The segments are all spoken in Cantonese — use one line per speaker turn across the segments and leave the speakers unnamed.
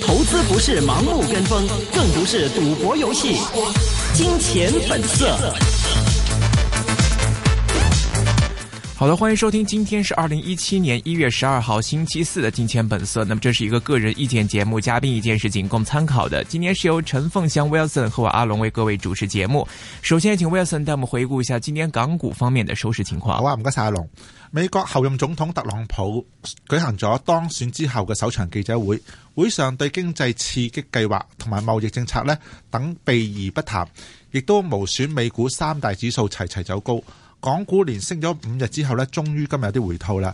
投資不是盲目跟風，更不是賭博遊戲。金錢本色。好的，歡迎收聽，今天是二零一七年一月十二號星期四的《金錢本色》。那麼這是一個個人意見節目，嘉賓意見是僅供參考的。今天是由陳鳳香、Wilson 和我阿龍為各位主持節目。首先，請 Wilson 帶我們回顧一下今天港股方面的收市情況。美國候任總統
特朗普舉行咗當選之後嘅首場記者會，會上對經濟刺激計劃同埋貿易政策呢等避而不談，亦都無損美股三大指數齊齊走高，港股連升咗五日之後咧，終於今日有啲回吐啦，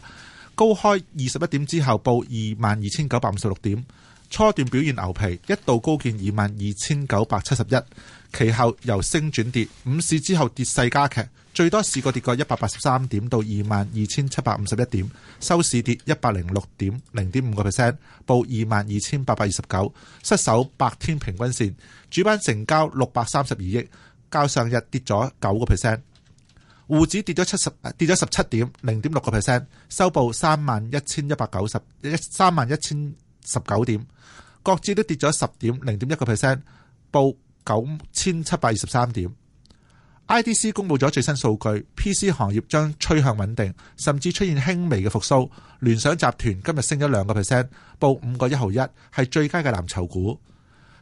高開二十一點之後報二萬二千九百五十六點，初段表現牛皮，一度高見二萬二千九百七十一，其後由升轉跌，午市之後跌勢加劇，最多試過跌過一百八十三點到二萬二千七百五十一點，收市跌一百零六點零點五個 percent，報二萬二千八百二十九，失守百天平均線。主板成交六百三十二億，較上日跌咗九個 percent。滬指跌咗七十跌咗十七點零點六個 percent，收報三萬一千一百九十三萬一千十九點。各指都跌咗十點零點一個 percent，報。九千七百二十三點，IDC 公布咗最新數據，PC 行業將趨向穩定，甚至出現輕微嘅復蘇。聯想集團今日升咗兩個 percent，報五個一毫一，係最佳嘅藍籌股。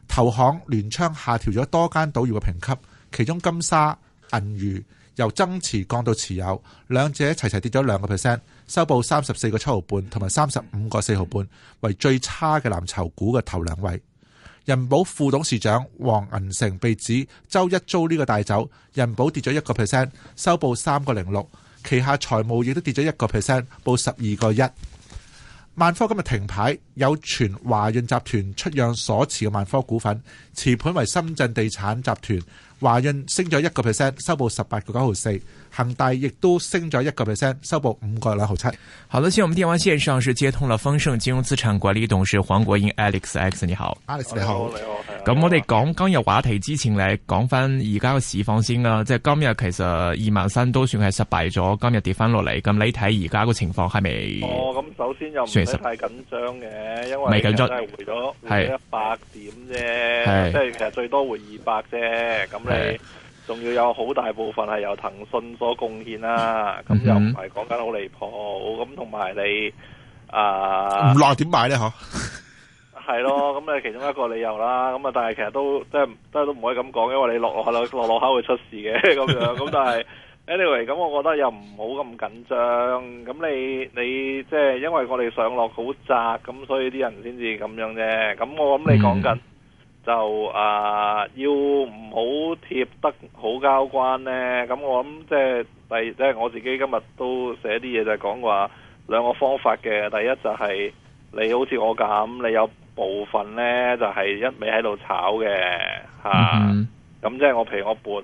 投行聯昌下調咗多間賭業嘅評級，其中金沙、銀娛由增持降到持有，兩者齊齊跌咗兩個 percent，收報三十四個七毫半，同埋三十五個四毫半，為最差嘅藍籌股嘅頭兩位。人保副董事長王銀成被指周一遭呢個帶走，人保跌咗一個 percent，收報三個零六。旗下財務亦都跌咗一個 percent，報十二個一。萬科今日停牌，有傳華潤集團出讓所持嘅萬科股份，持盤為深圳地產集團。華潤升咗一個 percent，
收報十八個九毫四。恒大亦都升咗一個 percent，收報五個兩毫七。好啦，先我們電話線上是接通啦，豐盛金融資產管理董事黃國英 Alex X，你好。Alex、oh，你好，你好。咁我哋講今、啊、日話題之前呢講翻而家嘅市況先啦，即係今日其實二萬三都算係失敗咗，今日跌翻落嚟。咁你睇而家個情況係咪？哦，咁首先又唔算得太
緊張嘅，因為都係回咗，係一百點啫，即係其實最多回二百啫，咁。係，仲要有好大部分係由騰訊所貢獻啦，咁又唔係講緊好離譜，咁同埋你啊，唔落點買咧？嗬，係咯，咁咧其中一個理由啦，咁啊，但係其實都即係都唔可以咁講，因為你落下落去落落口會出事嘅咁樣，咁但係 anyway，咁我覺得又唔好咁緊張，咁你你即係因為我哋上落好窄，咁所以啲人先至咁樣啫，咁我諗你講緊。嗯就啊、呃，要唔好貼得好交關呢。咁我諗即係第即係我自己今日都寫啲嘢就係講話兩個方法嘅。第一就係你好似我咁，你有部分呢就係一味喺度炒嘅嚇。咁即係我譬如我撥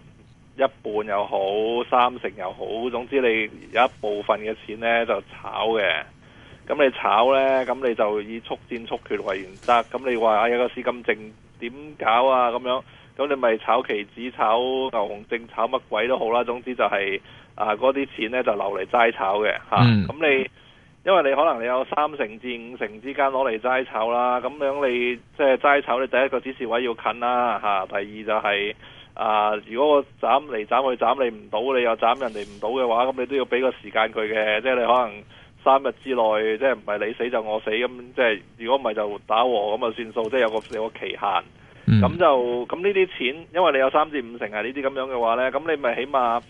一半又好，三成又好，總之你有一部分嘅錢呢就炒嘅。咁你炒呢，咁你就以速戰速決為原則。咁你話啊，有個市咁靜。點搞啊？咁樣咁你咪炒期指、炒牛熊證、炒乜鬼都好啦。總之就係、是、啊，嗰啲錢呢，就留嚟齋炒嘅吓。咁、啊、你因為你可能你有三成至五成之間攞嚟齋炒啦。咁、啊、樣你即係齋炒，你第一個指示位要近啦吓、啊。第二就係、是、啊，如果我斬嚟斬去斬你唔到，你又斬人哋唔到嘅話，咁你都要俾個時間佢嘅。即係你可能。三日之內，即係唔係你死就我死咁，即係如果唔係就打和咁啊算數，即係有個有個期限。咁、嗯、就咁呢啲錢，因為你有三至五成啊呢啲咁樣嘅話呢，咁你咪起碼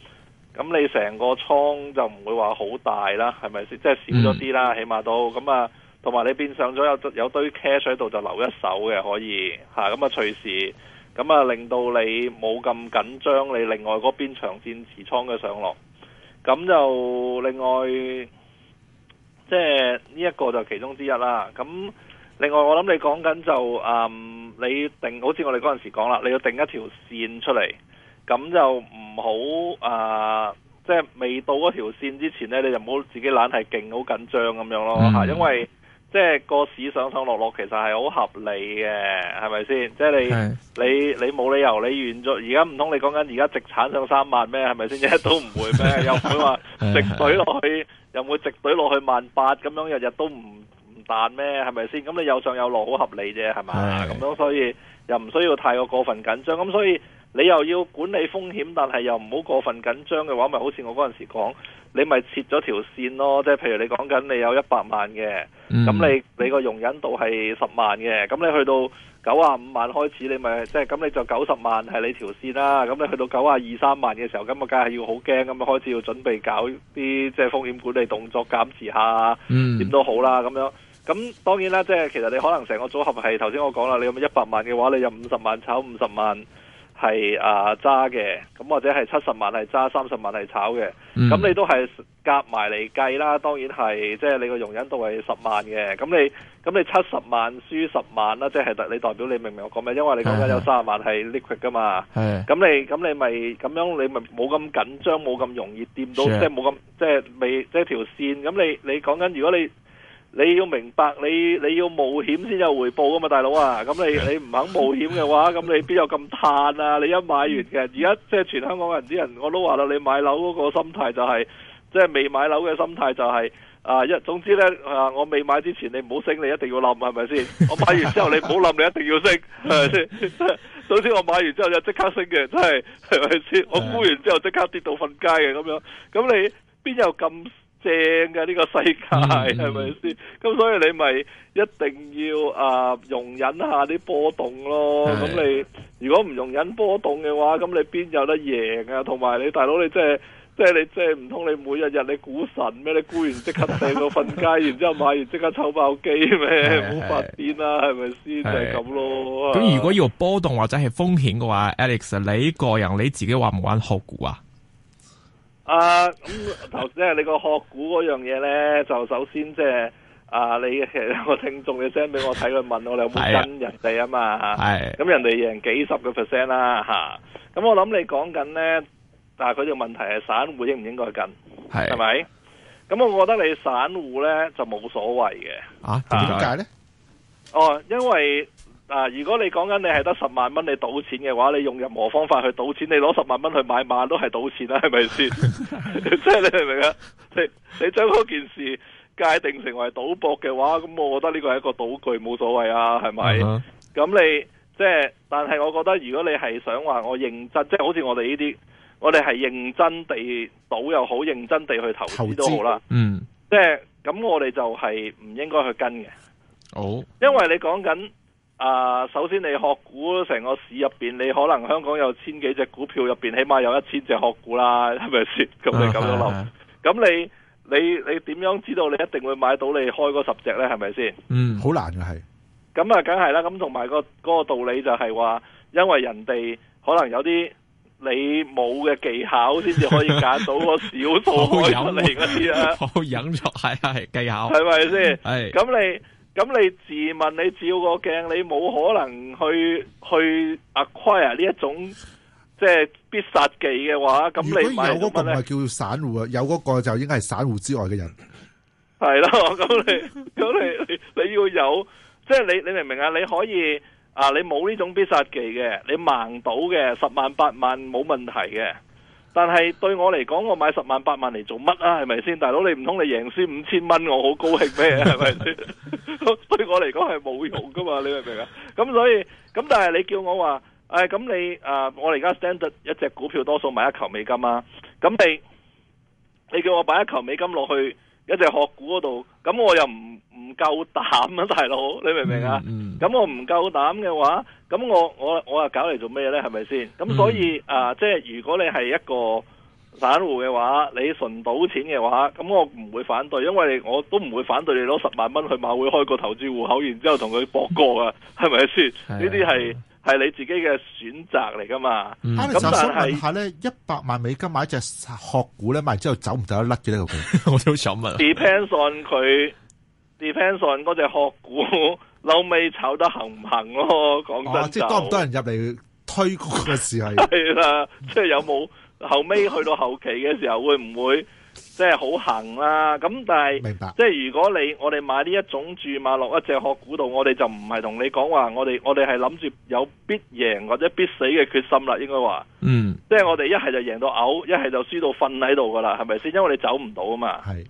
咁你成個倉就唔會話好大啦，係咪先？即係少咗啲啦，起碼都咁啊。同埋你變相咗有有堆 cash 喺度就留一手嘅，可以吓，咁啊隨時咁啊，咁咁令到你冇咁緊張，你另外嗰邊長線持倉嘅上落。咁就另外。即係呢一個就其中之一啦。咁另外我諗你講緊就誒、是嗯，你定好似我哋嗰陣時講啦，你要定一條線出嚟，咁就唔好誒，即係未到嗰條線之前呢，你就唔好自己懶係勁好緊張咁樣咯吓、嗯。因為即係個市上上落落，其實係好合理嘅，係咪先？即係你你你冇理由你連咗，而家唔通你講緊而家直產上三萬咩？係咪先？一都唔會咩？又唔會話直懟落去？ 又會直隊落去萬八咁樣，日日都唔唔彈咩？係咪先？咁你有上有落好合理啫，係嘛？咁樣所以又唔需要太過過分緊張。咁所以。你又要管理風險，但係又唔好過分緊張嘅話，咪好似我嗰陣時講，你咪切咗條線咯。即係譬如你講緊你有一百萬嘅，咁、嗯、你你個容忍度係十萬嘅，咁你去到九啊五萬開始，你咪即係咁你就九十萬係你條線啦。咁你去到九啊二三萬嘅時候，咁啊梗係要好驚，咁啊開始要準備搞啲即係風險管理動作，減持下，點、嗯、都好啦。咁樣咁當然啦，即係其實你可能成個組合係頭先我講啦，你有一百萬嘅話，你有五十萬炒五十萬。係啊揸嘅，咁或者係七十萬係揸，三十萬係炒嘅，咁、嗯、你都係夾埋嚟計啦。當然係，即係你個容忍度係十萬嘅。咁你咁你七十萬輸十萬啦，即係你代表你明唔明我講咩？因為你講緊有三十萬係 liquid 噶嘛。係咁你咁你咪咁樣，你咪冇咁緊張，冇咁容易掂到，即係冇咁即係未即係條線。咁你你講緊如果你。你要明白，你你要冒險先有回報㗎嘛，大佬啊！咁你你唔肯冒險嘅話，咁你邊有咁嘆啊？你一買完嘅，而家即係全香港人啲人我都話啦，你買樓嗰個心態就係、是，即係未買樓嘅心態就係、是、啊一總之呢，啊，我未買之前你唔好升，你一定要冧係咪先？ 我買完之後你唔好冧，你一定要升係咪先？ 首先我買完之後就即刻升嘅，真係係咪先？ 我沽完之後即刻跌到瞓街嘅咁樣，咁你邊有咁？正嘅，呢個世界係咪先？咁、嗯、所以你咪一定要啊、呃、容忍下啲波動咯。咁你如果唔容忍波動嘅話，咁你邊有得贏啊？同埋你大佬，你即係即係你即係唔通你每日日你股神咩？你沽完即刻掟到瞓街， 然之後買完即刻抽爆機咩？冇發癲啦，係咪先？即係咁咯。咁如果
要波動或者係風險嘅話的，Alex，你個人你自己話唔玩學股啊？
啊咁頭先係你個殼股嗰樣嘢咧，就首先即、就、係、是、啊，你其實個聽眾嘅聲俾我睇佢問我哋有冇跟人哋啊嘛？係咁、啊啊、人哋贏幾十個 percent 啦吓，咁、啊啊、我諗你講緊咧，但係佢條問題係散戶應唔應該跟係係咪？咁、啊、我覺得你散戶咧就冇所謂嘅啊？點解咧？哦、啊，因為。嗱、啊，如果你講緊你係得十萬蚊，你賭錢嘅話，你用任何方法去賭錢，你攞十萬蚊去買馬都係賭錢啦，係咪先？即 係 你明唔明啊？你你將嗰件事界定成為賭博嘅話，咁我覺得呢個係一個賭具，冇所謂啊，係咪？咁、uh -huh. 你即係、就是，但係我覺得如果你係想話我認真，即、就、係、是、好似我哋呢啲，我哋係認真地賭又好，認真地去投資都好啦。嗯，即係咁，我哋就係唔應該去跟嘅。
好、oh.，
因為你講緊。啊，首先你學股成個市入邊，你可能香港有千幾隻股票入邊，起碼有一千隻學股啦，係咪先？咁、啊、你咁樣諗，咁、啊啊、你你你點樣知道你一定會買到你開嗰十隻呢？係咪先？嗯，
好難嘅係，
咁啊，梗係啦。咁同埋個嗰、那個道理就係話，因為人哋可能有啲你冇嘅技、， 啊、 技巧，
先至可以揀到個少數出嚟嗰啲啊。好隱藏，係係技巧，係咪先？係咁
你。咁你自問，你照個鏡，你冇可能去去 acquire 呢一種即係必殺技嘅話，咁你有嗰個
唔係叫散戶啊，有嗰個就應該係散戶之外嘅人，
係咯。咁你咁你你，你要有，即係你你明唔明啊？你可以啊，你冇呢種必殺技嘅，你盲賭嘅，十萬八萬冇問題嘅。但係對我嚟講，我買十萬八萬嚟做乜啊？係咪先？大佬，你唔通你贏先五千蚊，我好高興咩？係咪先？ 對我嚟講係冇用噶嘛？你明唔明啊？咁所以咁，但係你叫我話，誒、哎，咁你誒、呃，我而家 stand 一隻股票，多數買一球美金啊，咁你你叫我擺一球美金落去一隻殼股嗰度，咁我又唔唔夠膽啊，大佬，你明唔明啊？咁、嗯嗯、我唔夠膽嘅話。咁我我我又搞嚟做咩咧？係咪先？咁所以、嗯、啊，即係如果你係一個散戶嘅話，你純賭錢嘅話，咁我唔會反對，因為我都唔會反對你攞十萬蚊去馬會開個投資戶口，然之後同佢博過㗎。係咪先？呢啲係係你自己嘅選擇嚟噶嘛？咁、嗯、但係
咧，啊、一百萬美金買一隻殼股咧，買完之後走唔走得甩嘅呢個？ 我都想問。
Depends on 佢 ，depends on 嗰隻殼股。樓尾炒得行唔行咯？講真、哦、即係多唔多人
入嚟推股嘅時候係
啦， 即係有冇後尾去到後期嘅時候會唔會 即係好行啊？咁但係明白、即係如果你我哋買呢一種注碼落一隻殼股度，我哋就唔係同你講話，我哋我哋係諗住有必贏或者必死嘅決心啦，應該話
嗯，
即係我哋一係就贏到嘔，一係就輸到瞓喺度噶啦，係咪先？因為你走唔到啊嘛，係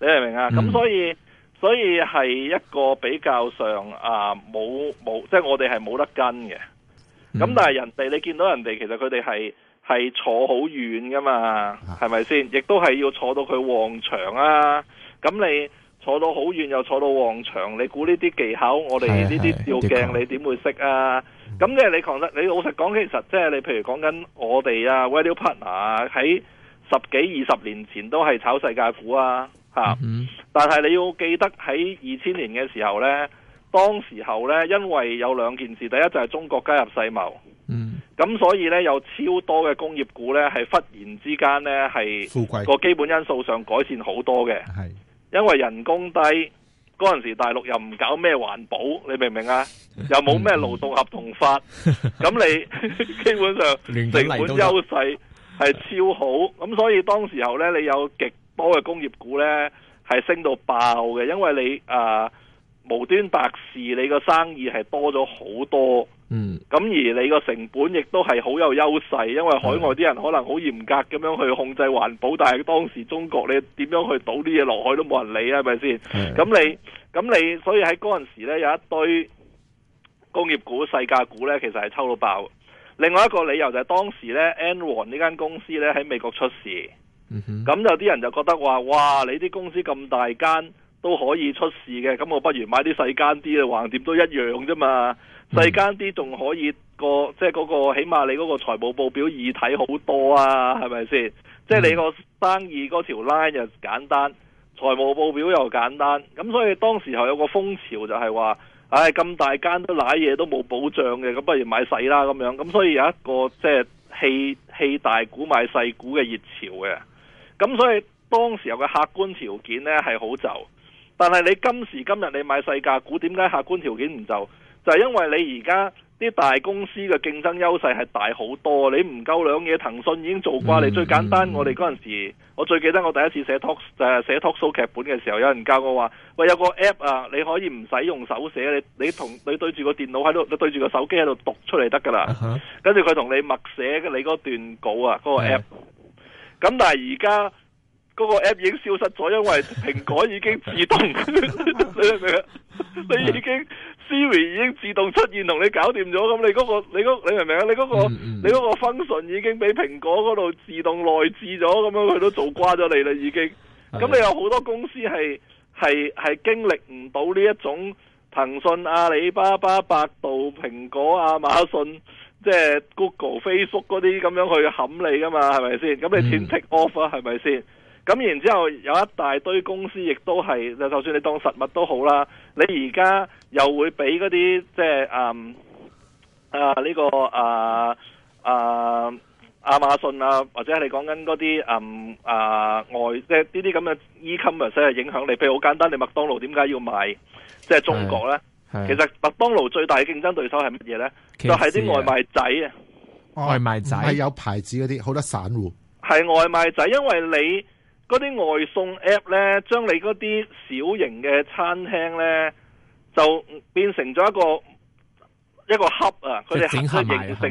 你是明唔明啊？咁、嗯、所以。所以係一個比較上啊冇冇，即係我哋係冇得跟嘅。咁、嗯、但係人哋你見到人哋其實佢哋係係坐好遠噶嘛，係咪先？亦、啊、都係要坐到佢旺場啊！咁你坐到好遠又坐到旺場，你估呢啲技巧我哋呢啲吊鏡你點會識啊？咁即係你講得你老實講，其實即係你譬如講緊我哋啊 Value Partner 啊，喺十幾二十年前都係炒世界股啊。啊、嗯！但係你要記得喺二千年嘅時候呢，當時候呢，因為有兩件事，第一就係中國加入世貿，咁、嗯、所以呢，有超多嘅工業股呢，係忽然之間呢，係富貴個基本因素上改善好多嘅，因為人工低，嗰陣時候大陸又唔搞咩環保，你明唔明啊？又冇咩勞動合同法，咁、嗯、你 基本上成本優勢係超好，咁所以當時候呢，你有極。多嘅工業股呢係升到爆嘅，因為你啊、呃、無端白事，你個生意係多咗好多。嗯，咁而你個成本亦都係好有優勢，因為海外啲人可能好嚴格咁樣去控制環保，但係當時中國你點樣去倒啲嘢落去都冇人理啊，係咪先？咁、嗯、你咁你，所以喺嗰陣時呢，有一堆工業股、世界股呢，其實係抽到爆。另外一個理由就係、是、當時呢，安隆呢間公司呢喺美國出事。咁、嗯、有啲人就覺得話，哇！你啲公司咁大間都可以出事嘅，咁我不如買啲細間啲啦，橫掂都一樣啫嘛。細間啲仲可以個即係嗰個起碼你嗰個財務報表易睇好多啊，係咪先？即、嗯、係、就是、你個生意嗰條 line 又簡單，財務報表又簡單，咁所以當時候有個風潮就係話，唉、哎、咁大間都瀨嘢都冇保障嘅，咁不如買細啦咁樣。咁所以有一個即係棄棄大股買細股嘅熱潮嘅。咁所以當時候嘅客觀條件呢係好就，但係你今時今日你買細價股，點解客觀條件唔就？就係、是、因為你而家啲大公司嘅競爭優勢係大好多，你唔夠兩嘢，騰訊已經做掛、嗯、你。最簡單，嗯、我哋嗰陣時，我最記得我第一次寫 talk 誒寫 talk show 劇本嘅時候，有人教我話：喂，有個 app 啊，你可以唔使用手寫，你你同你對住個電腦喺度，你對住個手機喺度讀出嚟得噶啦。啊、跟住佢同你默寫你嗰段稿啊，嗰、嗰個 app。咁但係而家嗰個 app 已經消失咗，因為蘋果已經自動， 你明唔明啊？你已經 Siri 已經自動出現同你搞掂咗，咁你嗰，那個，你嗰，那個，你明唔明啊？你嗰，那個嗯嗯你嗰個 function 已經俾蘋果嗰度自動內置咗，咁樣佢都做瓜咗你啦，已經。咁你有好多公司係係係經歷唔到呢一種，騰訊、阿里巴巴、百度、蘋果、亞馬遜。即係 Google、Facebook 嗰啲咁樣去冚你噶嘛，係咪先？咁你先 take off 啊，係咪先？咁然之後有一大堆公司亦都係，就就算你當實物都好啦。你而家又會俾嗰啲即係嗯啊呢個啊啊亞馬遜啊，或者係你講緊嗰啲嗯、啊、外即係呢啲咁嘅 e-commerce 影響你。譬如好簡單，你麥當勞點解要賣即係中國咧？啊、其實麥當勞最大嘅競爭對手係乜嘢呢？
就係、係、啲外賣仔啊，外賣仔係有牌子嗰啲，好多散戶
係外賣仔，因為你嗰啲外送 app 呢，將你嗰啲小型嘅餐廳呢，就變成咗一個一個盒啊，佢哋形成是是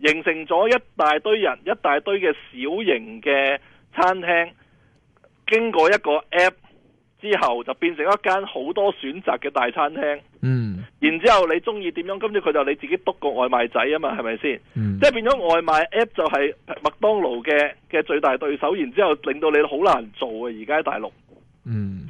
形成咗一大堆人，一大堆嘅小型嘅餐廳，經過一個 app 之後，就變成了一間好多選擇嘅大餐廳。嗯，然之後你中意點樣，跟住，佢就你自己篤個外賣仔啊嘛，係咪先？即係變咗外賣 app 就係麥當勞嘅嘅最大對手，然之後令到你好難做啊！而家喺大陸，嗯，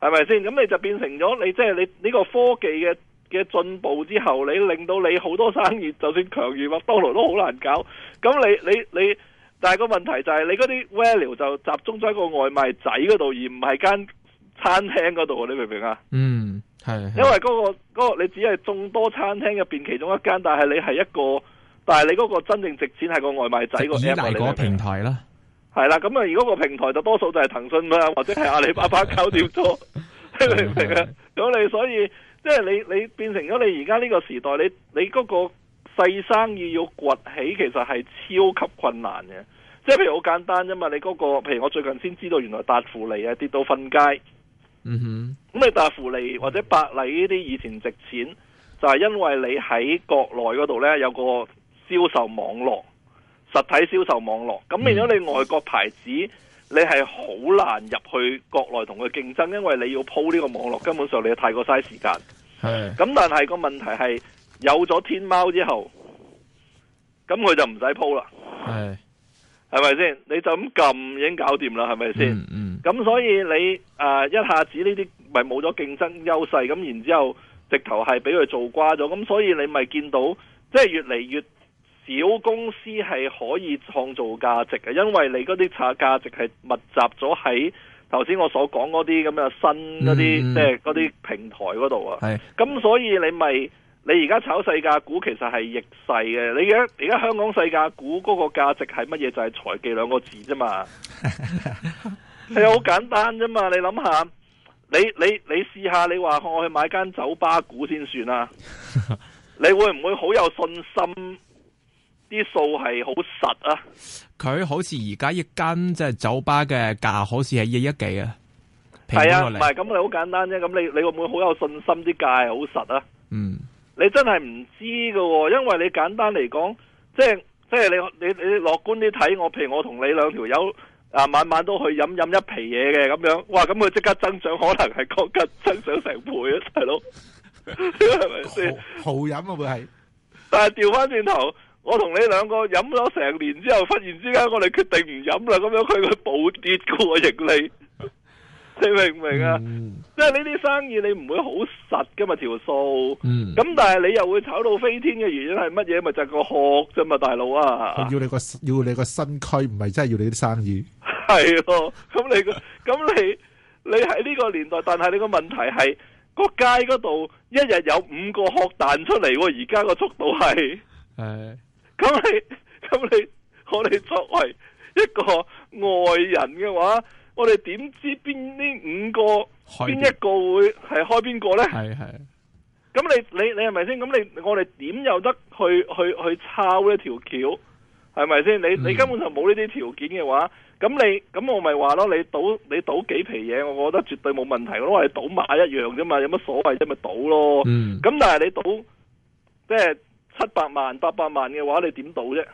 係咪先？咁你就變成咗你即係、就是、你呢個科技嘅嘅進步之後，你令到你好多生意，就算強如麥當勞都好難搞。咁你你你，但係個問題就係你嗰啲 value 就集中咗喺個外賣仔嗰度，而唔係間。餐廳嗰度，你明唔明啊？嗯，
係，因為
嗰、嗰個嗰、嗰個你只係眾多餐廳入邊其中一間，但係你係一個，但係你嗰個真正值錢係個外賣仔個嘢嚟嘅。平台啦，係啦，咁啊，如果個平台就多數就係騰訊啦， 或者係阿里巴巴搞掂咗， 你明唔明啊？咁你所以即係、即係、你你變成咗你而家呢個時代，你你嗰個細生意要崛起，其實係超級困難嘅。即、即、係、係、譬如好簡單啫嘛，你嗰、嗰個譬如我最近先知道，原來達芙妮啊跌到瞓街。嗯哼，咁你達芙妮或者百麗呢啲以前值錢，就係因為你喺國內嗰度呢，有個銷售網絡，實體銷售網絡，咁變咗你外國牌子，你係好難入去國內同佢競爭，因為你要鋪呢個網絡，根本上你太過嘥時間。係，咁但係個問題係有咗天貓之後，咁佢就唔使鋪啦。係。係咪先？你就咁撳已經搞掂啦，係咪先？咁、嗯嗯、所以你誒、呃、一下子呢啲咪冇咗競爭優勢，咁然之後直頭係俾佢做瓜咗，咁所以你咪見到即係、就是、越嚟越少公司係可以創造價值嘅，因為你嗰啲差價值係密集咗喺頭先我所講嗰啲咁嘅新嗰啲即係嗰啲平台嗰度啊。係、嗯，咁所以你咪。你而家炒細價股其實係逆勢嘅，你而家而家香港細價股嗰個價值係乜嘢？就係、是、財技兩個字啫嘛，係 好簡單啫嘛。你諗下，你你你試下，你話我去買間酒吧股先算啦、啊，你會唔會好有信心？啲數係好實啊？
佢 好似而家一間即係酒吧嘅價，好似係一億幾啊？係啊，唔係
咁你好簡單啫？咁你你會唔會好有信心啲價係好實啊？嗯。你真係唔知噶因為你簡單嚟講，即係即係你你你樂觀啲睇我，譬如我同你兩條友啊，晚晚都去飲飲一皮嘢嘅咁樣，哇，咁佢即刻增長可能係講緊增長成倍 是不是 啊，大佬，係咪先
好飲啊？會係，
但係調翻轉頭，我同你兩個飲咗成年之後，忽然之間我哋決定唔飲啦，咁樣佢會暴跌噶喎盈利。你明唔明啊？即係呢啲生意你唔會好實噶嘛條數，咁、嗯、但係你又會炒到飛天嘅原因係乜嘢？咪就係、是、個殼啫嘛，大佬啊！佢
要你個要你個身軀，唔係真係要你啲生意。
係咯，咁你咁你你喺呢個年代， 但係你個問題係個街嗰度一日有五個殼彈出嚟，而家個速度係係。咁、哎、你咁你我哋作為一個外人嘅話。我哋點知邊呢五個邊一個會係開邊個呢？係係。咁你你係咪先？咁你，你我哋點有得去去，去，去抄呢條橋？係咪先？你、嗯、你根本就冇呢啲條件嘅話，咁你咁我咪話咯？你賭你賭幾皮嘢？我覺得絕對冇問題。我話你賭馬一樣啫嘛，有乜所謂啫？咪賭咯。咁、嗯、但係你賭即係七百萬八百萬嘅話，你點賭啫？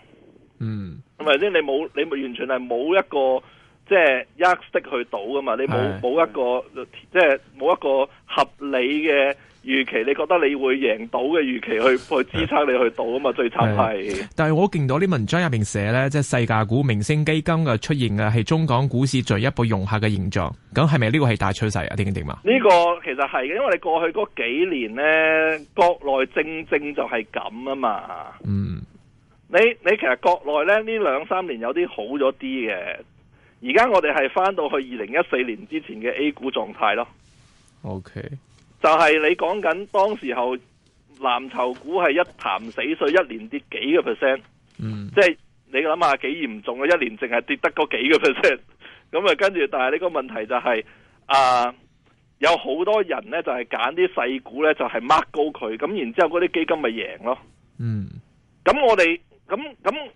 嗯，係咪先？你冇你完全係冇一個。即係一識去賭噶嘛？你冇冇一個即係冇一個合理嘅預期，你覺得你會贏到嘅預期去去支撐你去賭啊嘛，最慘係。
但係我見到啲文章入邊寫呢，即係世界股明星基金嘅出現嘅係中港股市進一步融合嘅形象。咁係咪呢個係大趨勢啊？點點點嘛？
呢個其實係，因為你過去嗰幾年呢，國內正正就係咁啊嘛。嗯你，你你其實國內咧呢兩三年有啲好咗啲嘅。而家我哋係翻到去二零一四年之前嘅 A 股狀態咯。
OK，
就係你講緊當時候藍籌股係一潭死水，一年跌幾個 percent。嗯，即係你諗下幾嚴重啊！一年淨係跌得個幾嘅 percent。咁啊，跟住，但係呢個問題就係、是、啊，有好多人呢就是股就是高它，就係揀啲細股呢，就係 mark 高佢，咁然之後嗰啲基金咪贏咯。
嗯，
咁我哋咁咁。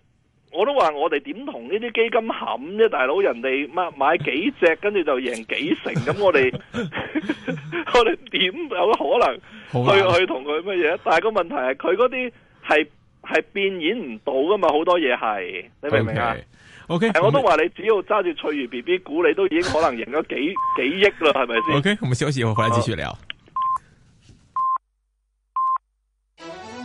我都話我哋點同呢啲基金冚啫，大佬，人哋買買幾隻，跟住就贏幾成，咁我哋 我哋點有可能去去同佢乜嘢？但係個問題係佢嗰啲係係變演唔到噶嘛，好多嘢係，你明唔明啊？OK，我都話你只要揸住翠如 B B 股，你都已經可能贏咗幾 幾億啦，係咪先？OK，我
哋休息以後可以繼續聊。Okay.